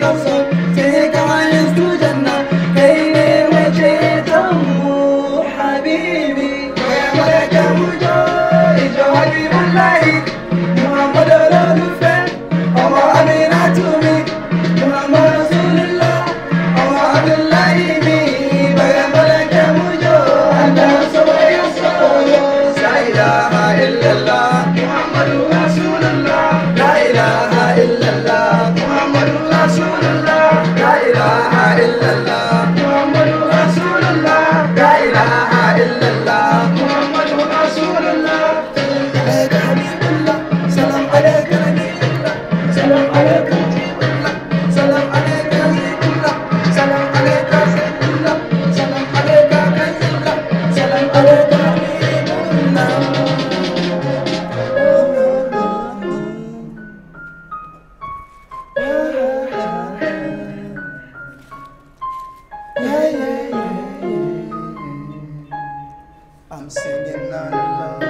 casar I'm singing on love,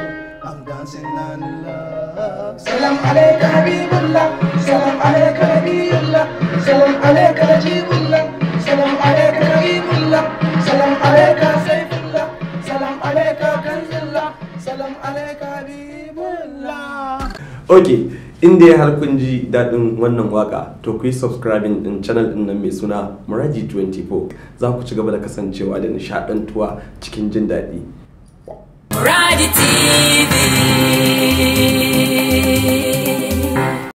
I'm dancing on love. Salam alayka habibullah, salam alayka nabiyullah, salam alayka najibullah, salam alayka habibullah, salam alayka sayfullah, salam alayka kanzullah, salam alayka habibullah. Okay. inda ya har kun ji daɗin wannan waka to ku yi subscribing din channel din nan mai suna muraji 24 za ku ci gaba da kasancewa da nishaɗantuwa cikin jin daɗi